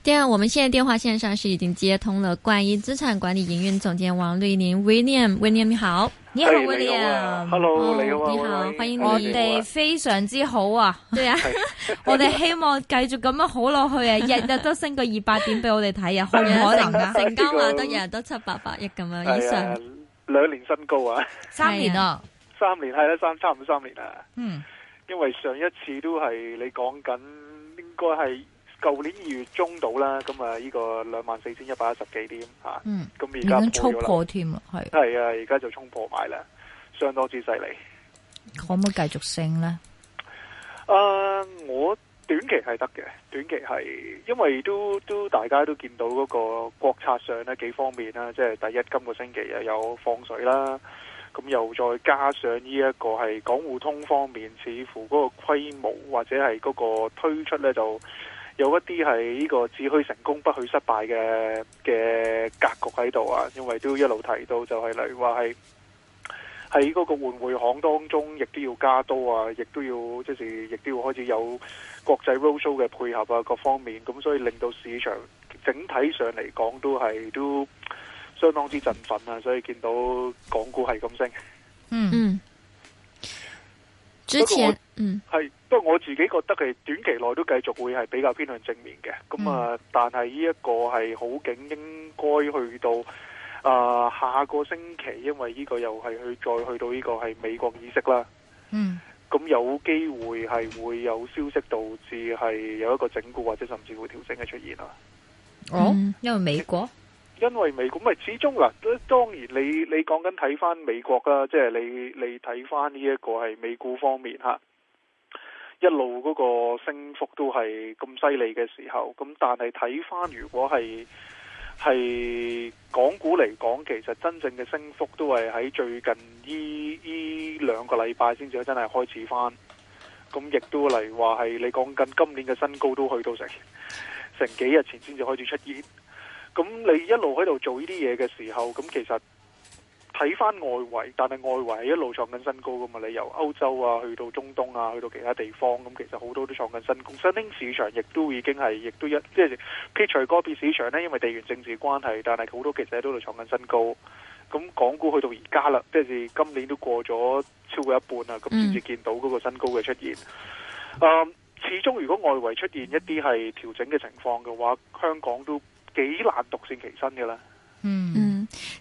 .電話，我們現在電話線上是已經接通了冠英資產管理營運總監王瑞麟 William，William 你好，你好 William，Hello，你好，歡迎你哋，非常之好啊，對啊，我哋希望繼續咁樣好落去啊，日日都升個二百點俾我哋睇啊，好可能啊？成交話都日日都七八百億咁樣以上，兩年新高啊，三年啊，三年係啦，三差唔多三年啊，嗯，因為上一次都係你講緊，應該係。舊年二月中到啦，咁啊，呢個兩萬四千一百一十幾點吓，咁而家突破添啊，係係啊，而家就衝破埋啦，相當之犀利。可唔可以繼續升呢？誒，uh, 我短期係得嘅，短期係，因為都都大家都見到嗰個國策上呢幾方面啦，即係第一，今個星期又有放水啦，咁又再加上呢一個係港互通方面，似乎嗰個規模或者係嗰個推出呢就。有一啲係呢個只許成功不許失敗嘅嘅格局喺度啊，因為都一路提到就係例如話係喺嗰個換匯行當中，亦都要加多啊，亦都要即係亦都要開始有國際 roadshow 嘅配合啊，各方面咁，所以令到市場整體上嚟講都係都相當之振奮啊，所以見到港股係咁升，嗯嗯，之前。嗯，係，不過我自己覺得係短期內都繼續會係比較偏向正面嘅，咁啊，嗯、但係呢一個係好景，應該去到啊、呃、下個星期，因為呢個又係去再去到呢個係美國議息啦。嗯，咁有機會係會有消息導致係有一個整固或者甚至會調整嘅出現啊。哦，嗯、因為美國，因為美國咪始終嗱，當然你你講緊睇翻美國啊，即、就、係、是、你你睇翻呢一個係美股方面吓。一路嗰個升幅都係咁犀利嘅時候，咁但係睇翻如果係係港股嚟講，其實真正嘅升幅都係喺最近呢呢兩個禮拜先至真係開始翻，咁亦都嚟話係你講緊今年嘅新高都去到成成幾日前先至開始出現，咁你一路喺度做呢啲嘢嘅時候，咁其實。睇翻外圍，但係外圍一路創緊新高噶嘛？你由歐洲啊，去到中東啊，去到其他地方，咁其實好多都創緊新高。新興市場亦都已經係，亦都一即係撇除個別市場呢，因為地緣政治關係，但係好多其實都喺度創緊新高。咁港股去到而家啦，即係今年都過咗超過一半啦，咁先至見到嗰個新高嘅出現。嗯。始終如果外圍出現一啲係調整嘅情況嘅話，香港都幾難獨善其身嘅啦。嗯。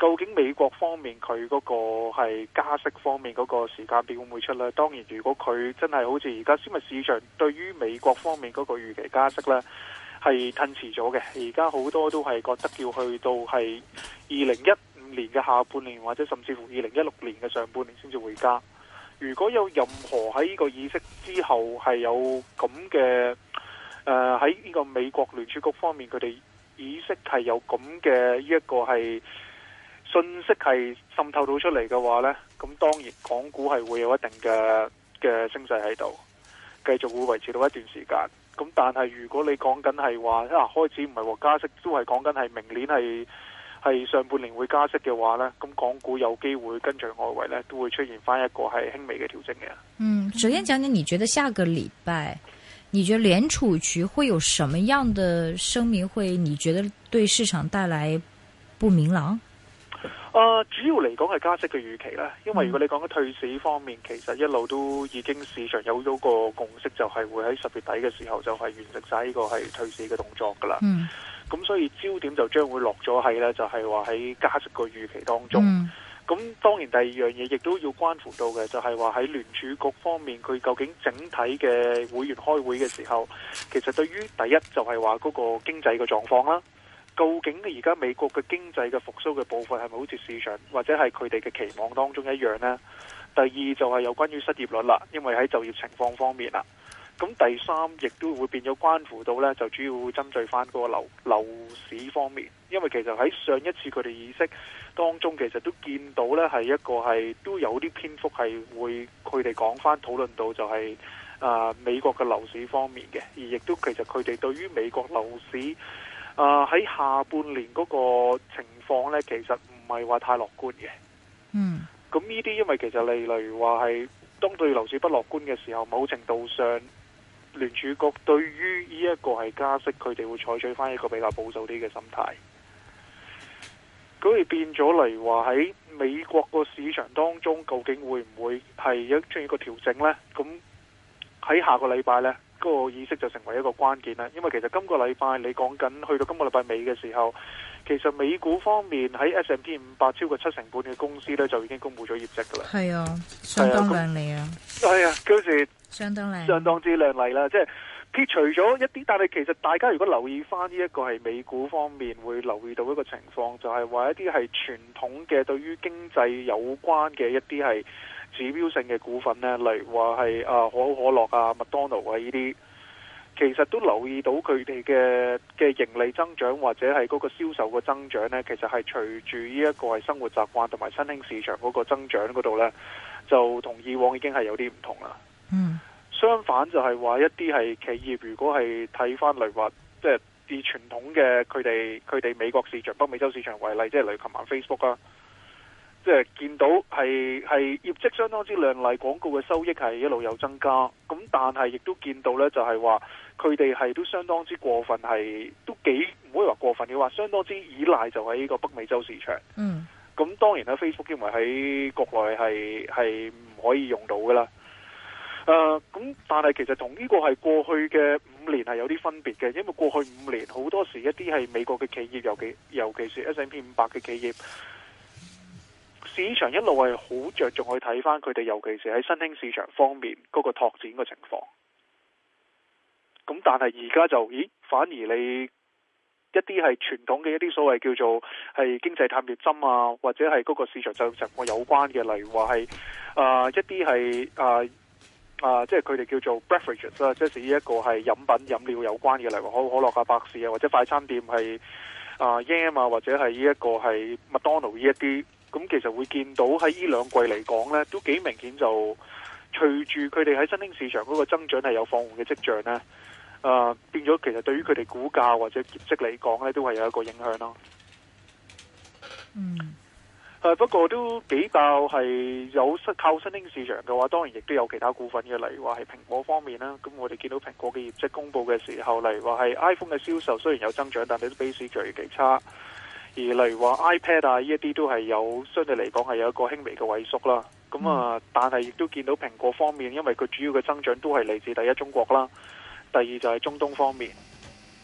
究竟美國方面佢嗰個係加息方面嗰個時間表會唔會出咧？當然，如果佢真係好似而家消物市場對於美國方面嗰個預期加息咧，係褪遲咗嘅。而家好多都係覺得要去到係二零一五年嘅下半年，或者甚至乎二零一六年嘅上半年先至會加。如果有任何喺呢個意識之後是這樣的，係有咁嘅，誒，喺呢個美國聯儲局方面佢哋意識係有咁嘅呢一個系。信息係滲透到出嚟嘅話呢，咁當然港股係會有一定嘅嘅升勢喺度，繼續會維持到一段時間。咁但係如果你講緊係話啊，開始唔係話加息，都係講緊係明年係係上半年會加息嘅話呢，咁港股有機會跟隨外圍呢，都會出現翻一個係輕微嘅調整嘅。嗯，首先講講，你覺得下個禮拜，你覺得聯儲局會有什麼樣的聲明，會你覺得對市場帶來不明朗？啊，uh, 主要嚟講係加息嘅預期啦，因為如果你講緊退市方面，嗯、其實一路都已經市場有咗個共識，就係會喺十月底嘅時候就係完成晒呢個係退市嘅動作噶啦。咁、嗯、所以焦點就將會落咗喺咧，就係話喺加息嘅預期當中。咁、嗯、當然第二樣嘢亦都要關乎到嘅，就係話喺聯儲局方面，佢究竟整體嘅會員開會嘅時候，其實對於第一就係話嗰個經濟嘅狀況啦。究竟而家美國嘅經濟嘅復蘇嘅部分係咪好似市場或者係佢哋嘅期望當中一樣咧？第二就係有關於失業率啦，因為喺就業情況方面啦。咁第三亦都會變咗關乎到咧，就主要會針對翻嗰個樓樓市方面，因為其實喺上一次佢哋意識當中，其實都見到咧係一個係都有啲篇幅，係會佢哋講翻討論到就係、是、誒、呃、美國嘅樓市方面嘅，而亦都其實佢哋對於美國樓市。啊！喺、uh, 下半年嗰個情況呢，其實唔係話太樂觀嘅。嗯。咁呢啲，因為其實你例如話係當對樓市不樂觀嘅時候，某程度上聯儲局對於呢一個係加息，佢哋會採取翻一個比較保守啲嘅心態。咁而變咗嚟話喺美國個市場當中，究竟會唔會係一出現一個調整呢？咁喺下個禮拜呢個意識就成為一個關鍵啦，因為其實今個禮拜你講緊去到今個禮拜尾嘅時候，其實美股方面喺 S&P 五百超過七成半嘅公司呢就已經公布咗業績噶啦，係啊，相當亮麗啊，係啊，嗰時相當靚，相當之亮麗啦。即係撇除咗一啲，但係其實大家如果留意翻，呢一個係美股方面，會留意到一個情況，就係、是、話一啲係傳統嘅，對於經濟有關嘅一啲係。指標性嘅股份咧，例如話係啊可口可樂啊、麥當勞啊呢啲，其實都留意到佢哋嘅嘅盈利增長或者係嗰個銷售個增長呢，其實係隨住呢一個係生活習慣同埋新興市場嗰個增長嗰度呢，就同以往已經係有啲唔同啦。嗯，相反就係話一啲係企業，如果係睇翻嚟話，即係以傳統嘅佢哋佢哋美國市場、北美洲市場為例，即係例如琴晚 Facebook 啊。即係見到係係業績相當之亮麗，廣告嘅收益係一路有增加。咁但係亦都見到呢，就係話佢哋係都相當之過分，係都幾唔可以話過分嘅話，相當之依賴就喺呢個北美洲市場。嗯，咁當然 Facebook 因為喺國內係係唔可以用到噶啦。誒、呃，咁但係其實同呢個係過去嘅五年係有啲分別嘅，因為過去五年好多時一啲係美國嘅企業，尤其尤其是 S&P 五百嘅企業。市場一路係好着重去睇翻佢哋，尤其是喺新興市場方面嗰個拓展嘅情況。咁但係而家就，咦？反而你一啲係傳統嘅一啲所謂叫做係經濟探熱針啊，或者係嗰個市場就情況有關嘅，例如話係啊一啲係啊啊，即係佢哋叫做 beverages 啦，即係依一個係飲品飲料有關嘅，例如可可樂啊、百事啊，或者快餐店係啊 Yum 啊，或者係依一個係麥當勞呢一啲。咁其實會見到喺呢兩季嚟講呢都幾明顯，就隨住佢哋喺新興市場嗰個增長係有放緩嘅跡象呢啊、呃、變咗其實對於佢哋股價或者業績嚟講呢都係有一個影響咯。嗯是，不過都比爆係有靠新興市場嘅話，當然亦都有其他股份嘅，例如話係蘋果方面啦。咁我哋見到蘋果嘅業績公布嘅時候，例如話係 iPhone 嘅銷售雖然有增長，但係啲比市 s i c 差。而例如話 iPad 啊，呢一啲都係有相對嚟講係有一個輕微嘅萎縮啦。咁啊、嗯，但係亦都見到蘋果方面，因為佢主要嘅增長都係嚟自第一中國啦，第二就係中東方面。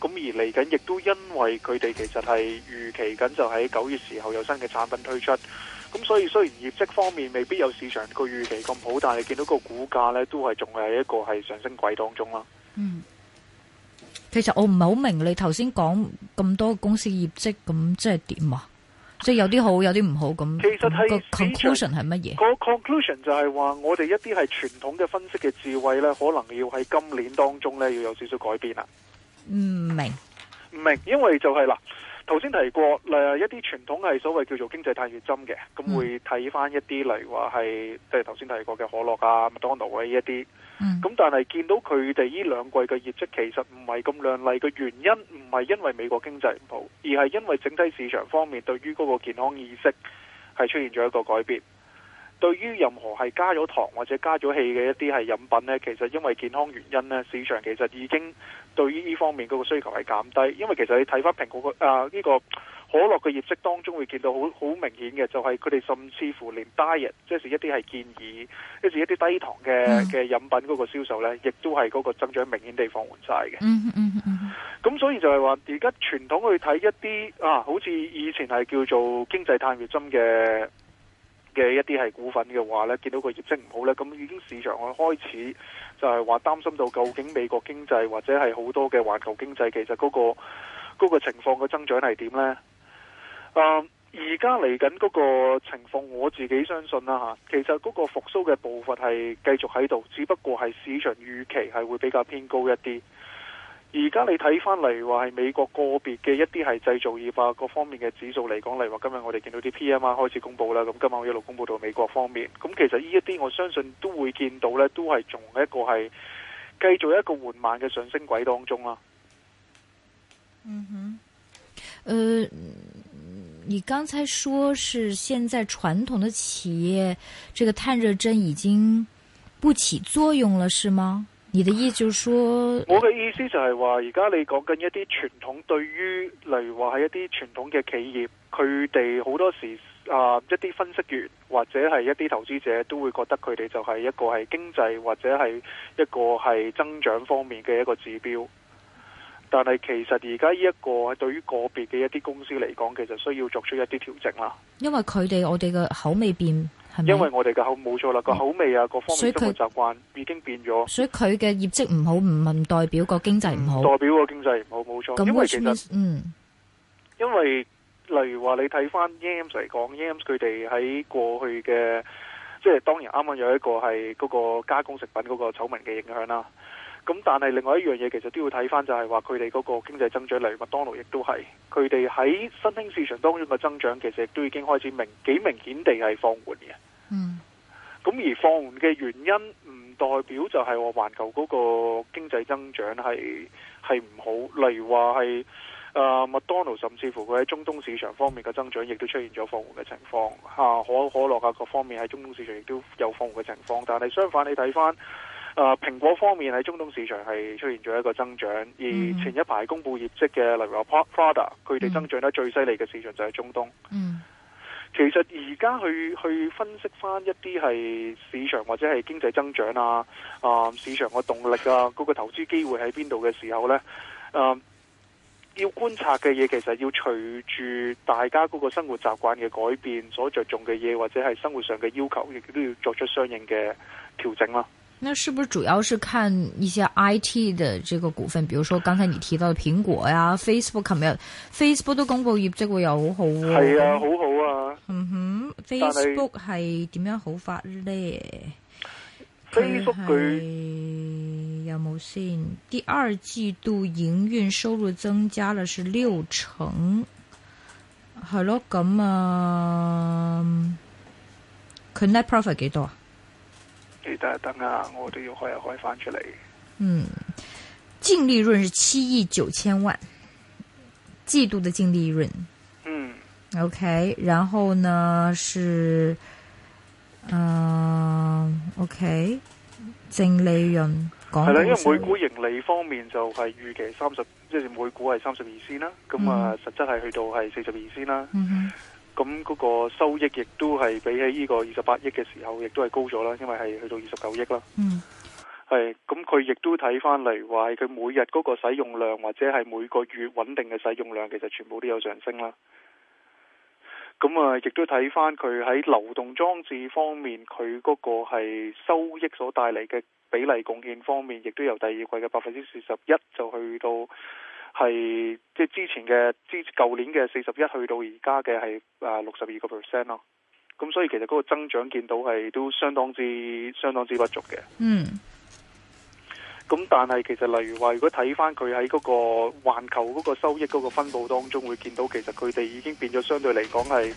咁而嚟緊亦都因為佢哋其實係預期緊就喺九月時候有新嘅產品推出。咁所以雖然業績方面未必有市場個預期咁好，但係見到個股價呢，都係仲係一個係上升軌當中啦。嗯。其實我唔係好明你頭先講咁多公司業績，咁即係點啊？即係有啲好，有啲唔好咁。咁其實係個 conclusion 係乜嘢？個 conclusion con con 就係話我哋一啲係傳統嘅分析嘅智慧咧，可能要喺今年當中咧要有少少改變啦。唔明唔明？因為就係啦。頭先提過，一啲傳統係所謂叫做經濟探熱針嘅，咁、嗯、會睇翻一啲例如話係即係頭先提過嘅可樂啊、麥當勞啊呢啲。咁、嗯、但係見到佢哋呢兩季嘅業績其實唔係咁亮麗嘅原因，唔係因為美國經濟唔好，而係因為整體市場方面對於嗰個健康意識係出現咗一個改變。對於任何係加咗糖或者加咗氣嘅一啲係飲品呢，其實因為健康原因呢，市場其實已經對於呢方面嗰個需求係減低。因為其實你睇翻蘋果嘅啊呢個可樂嘅業績當中會，會見到好好明顯嘅，就係佢哋甚至乎連 diet，即係一啲係建議，就是、一啲一啲低糖嘅嘅飲品嗰個銷售呢，亦都係嗰個增長明顯地放緩晒嘅。咁 所以就係話而家傳統去睇一啲啊，好似以前係叫做經濟探熱針嘅。嘅一啲係股份嘅話咧，見到個業績唔好咧，咁已經市場去開始就係話擔心到究竟美國經濟或者係好多嘅環球經濟，其實嗰個嗰個情況嘅增長係點咧？啊，而家嚟緊嗰個情況，我自己相信啦吓，其實嗰個復甦嘅部分係繼續喺度，只不過係市場預期係會比較偏高一啲。而家你睇翻嚟話係美國個別嘅一啲係製造業啊，各方面嘅指數嚟講，例如話今日我哋見到啲 PMI，開始公布啦。咁今晚我一路公布到美國方面，咁其實呢一啲我相信都會見到咧，都係仲係一個係繼續一個緩慢嘅上升軌當中啊。嗯哼，誒、呃，你剛才說，是現在傳統的企業，這個探熱針已經不起作用了，是嗎？你我嘅意思就係話，而家你講緊一啲傳統，對於例如話係一啲傳統嘅企業，佢哋好多時啊、呃，一啲分析員或者係一啲投資者都會覺得佢哋就係一個係經濟或者係一個係增長方面嘅一個指標。但係其實而家呢一個對於個別嘅一啲公司嚟講，其實需要作出一啲調整啦。因為佢哋我哋嘅口味變。因為我哋嘅口冇錯啦，個口味啊，各方面生活習慣已經變咗。所以佢嘅業績唔好唔問代表個經濟唔好，代表個經濟唔好冇錯。因為其實嗯，因為例如話你睇翻，Yams 嚟講，Yams 佢哋喺過去嘅，即係當然啱啱有一個係嗰個加工食品嗰個醜聞嘅影響啦。咁但係另外一樣嘢，其實都要睇翻就係話佢哋嗰個經濟增長，例如麥當勞亦都係佢哋喺新興市場當中嘅增長，其實都已經開始明幾明顯地係放緩嘅。嗯。咁而放緩嘅原因，唔代表就係話環球嗰個經濟增長係係唔好，例如話係啊麥當勞甚至乎佢喺中東市場方面嘅增長，亦都出現咗放緩嘅情況嚇、啊、可可樂啊各方面喺中東市場亦都有放緩嘅情況，但係相反你睇翻。誒、啊、蘋果方面喺中東市場係出現咗一個增長，而前一排公布業績嘅例如話 Prada，佢哋增長得最犀利嘅市場就係中東。嗯、其實而家去去分析翻一啲係市場或者係經濟增長啊，啊市場個動力啊，嗰、嗰個投資機會喺邊度嘅時候呢，啊、要觀察嘅嘢其實要隨住大家嗰個生活習慣嘅改變，所着重嘅嘢或者係生活上嘅要求，亦都要作出相應嘅調整啦。那是不是主要是看一些 I T 的這個股份，比如說剛才你提到的蘋果呀、啊、嗯、Facebook，可唔有 Facebook 都公布業績。哦，這個好好啊，係啊，好好啊。嗯哼，Facebook 係點是樣好法咧？Facebook 是有冇先？第二季度營運收入增加了是六成。係咯，咁啊，佢、嗯、net profit 幾多啊？大家等，等啊，我都要開一開翻出嚟。嗯，淨利潤是七億九千萬，季度嘅淨利潤。嗯。OK，然後呢是，嗯、呃，OK，淨利潤。講，係啦，因為每股盈利方面就係預期三十，即係每股係三十二仙啦。咁啊、嗯，實質係去到係四十二仙啦。嗯哼。咁嗰個收益亦都係比起呢個二十八億嘅時候，亦都係高咗啦，因為係去到二十九億啦。嗯，係咁，佢亦都睇翻嚟話，佢每日嗰個使用量或者係每個月穩定嘅使用量，其實全部都有上升啦。咁啊，亦都睇翻佢喺流動裝置方面，佢嗰個係收益所帶嚟嘅比例貢獻方面，亦都由第二季嘅百分之四十一就去到。係即係之前嘅，之舊年嘅四十一，去到而家嘅係啊六十二個 percent 咯。咁所以其實嗰個增長見到係都相當之、相當之不足嘅。嗯。咁但係其實例如話，如果睇翻佢喺嗰個環球嗰個收益嗰個分布當中，會見到其實佢哋已經變咗相對嚟講係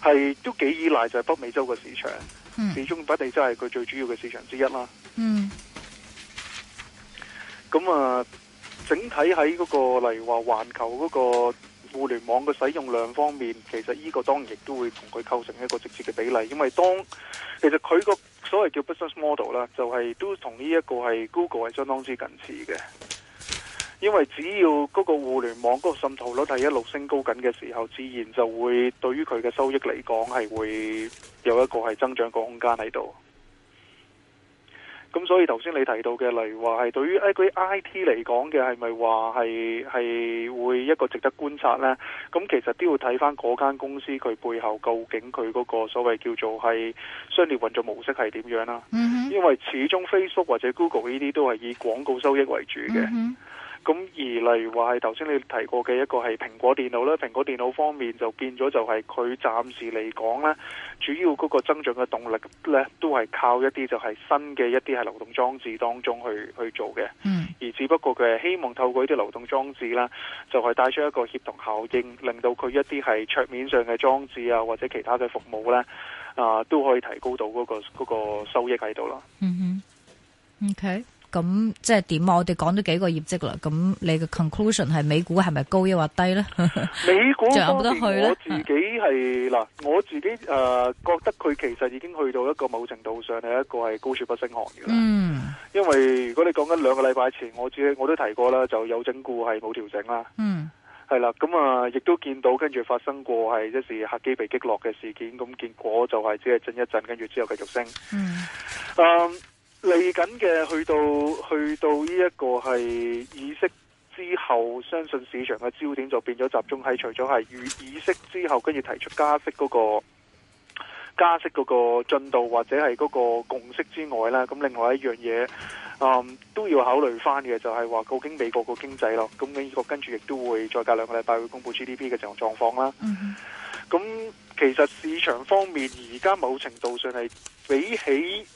係都幾依賴就係北美洲嘅市場。嗯。始終北美洲係佢最主要嘅市場之一啦。嗯。咁啊。整體喺嗰個例如話環球嗰個互聯網嘅使用量方面，其實呢個當然亦都會同佢構成一個直接嘅比例，因為當其實佢個所謂叫 business model 啦，就係都同呢一個係 Google 係相當之近似嘅，因為只要嗰個互聯網嗰個滲透率係一路升高緊嘅時候，自然就會對於佢嘅收益嚟講係會有一個係增長個空間喺度。咁所以頭先你提到嘅，例如話係對於誒 I.T. 嚟講嘅，係咪話係係會一個值得觀察呢？咁其實都要睇翻嗰間公司佢背後究竟佢嗰個所謂叫做係商業運作模式係點樣啦，啊？Mm hmm. 因為始終 Facebook 或者 Google 呢啲都係以廣告收益為主嘅。Mm hmm. 咁而例如話係頭先你提過嘅一個係蘋果電腦啦。蘋果電腦方面就變咗就係佢暫時嚟講呢，主要嗰個增長嘅動力呢，都係靠一啲就係新嘅一啲係流動裝置當中去去做嘅。嗯，而只不過佢係希望透過一啲流動裝置啦，就係帶出一個協同效應，令到佢一啲係桌面上嘅裝置啊，或者其他嘅服務呢，啊都可以提高到嗰個嗰個收益喺度囉。嗯哼、嗯，OK。咁即係點啊？我哋講咗幾個業績啦。咁你嘅 conclusion 係美股係咪高抑或低咧？ 美股仲有冇得去咧？我自己係嗱， 我自己誒，呃、 覺得佢其實已經去到一個某程度上係一個係高處不勝寒嘅啦。嗯，因為如果你講緊兩個禮拜前，我自己我都提過啦，就有整固係冇調整啦，嗯。嗯，係啦。咁啊，亦都見到跟住發生過係一時客機被擊落嘅事件。咁結果就係只係震一震，跟住之後繼續升。嗯。嗯嚟緊嘅去到去到呢一個係議息之後，相信市場嘅焦點就變咗集中喺除咗係與議息之後，跟住提出加息嗰、那個加息嗰個進度或者係嗰個共識之外啦。咁另外一樣嘢、嗯，都要考慮翻嘅就係、是、話究竟美國個經濟咯，咁呢個跟住亦都會再隔兩個禮拜會公布 GDP 嘅情況狀況啦。咁、嗯、其實市場方面而家某程度上係比起。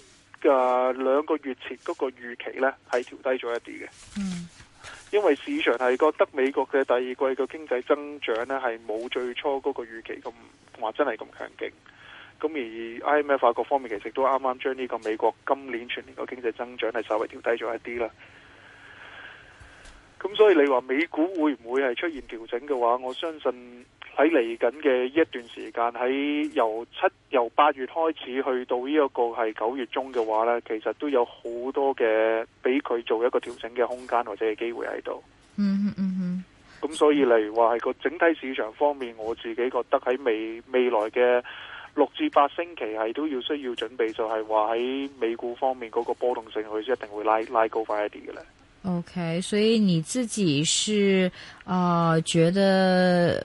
啊，兩個月前嗰個預期呢，係調低咗一啲嘅。嗯，因為市場係覺得美國嘅第二季嘅經濟增長呢，係冇最初嗰個預期咁話真係咁強勁。咁而 IMF 各方面其實都啱啱將呢個美國今年全年嘅經濟增長係稍微調低咗一啲啦。咁所以你話美股會唔會係出現調整嘅話，我相信。喺嚟緊嘅一段時間，喺由七由八月開始去到呢一個係九月中嘅話咧，其實都有好多嘅俾佢做一個調整嘅空間或者係機會喺度、嗯。嗯嗯嗯，咁所以例如話係個整體市場方面，我自己覺得喺未未來嘅六至八星期係都要需要準備，就係話喺美股方面嗰個波動性，佢一定會拉拉高快一啲嘅咧。OK，所以你自己是啊、呃、覺得？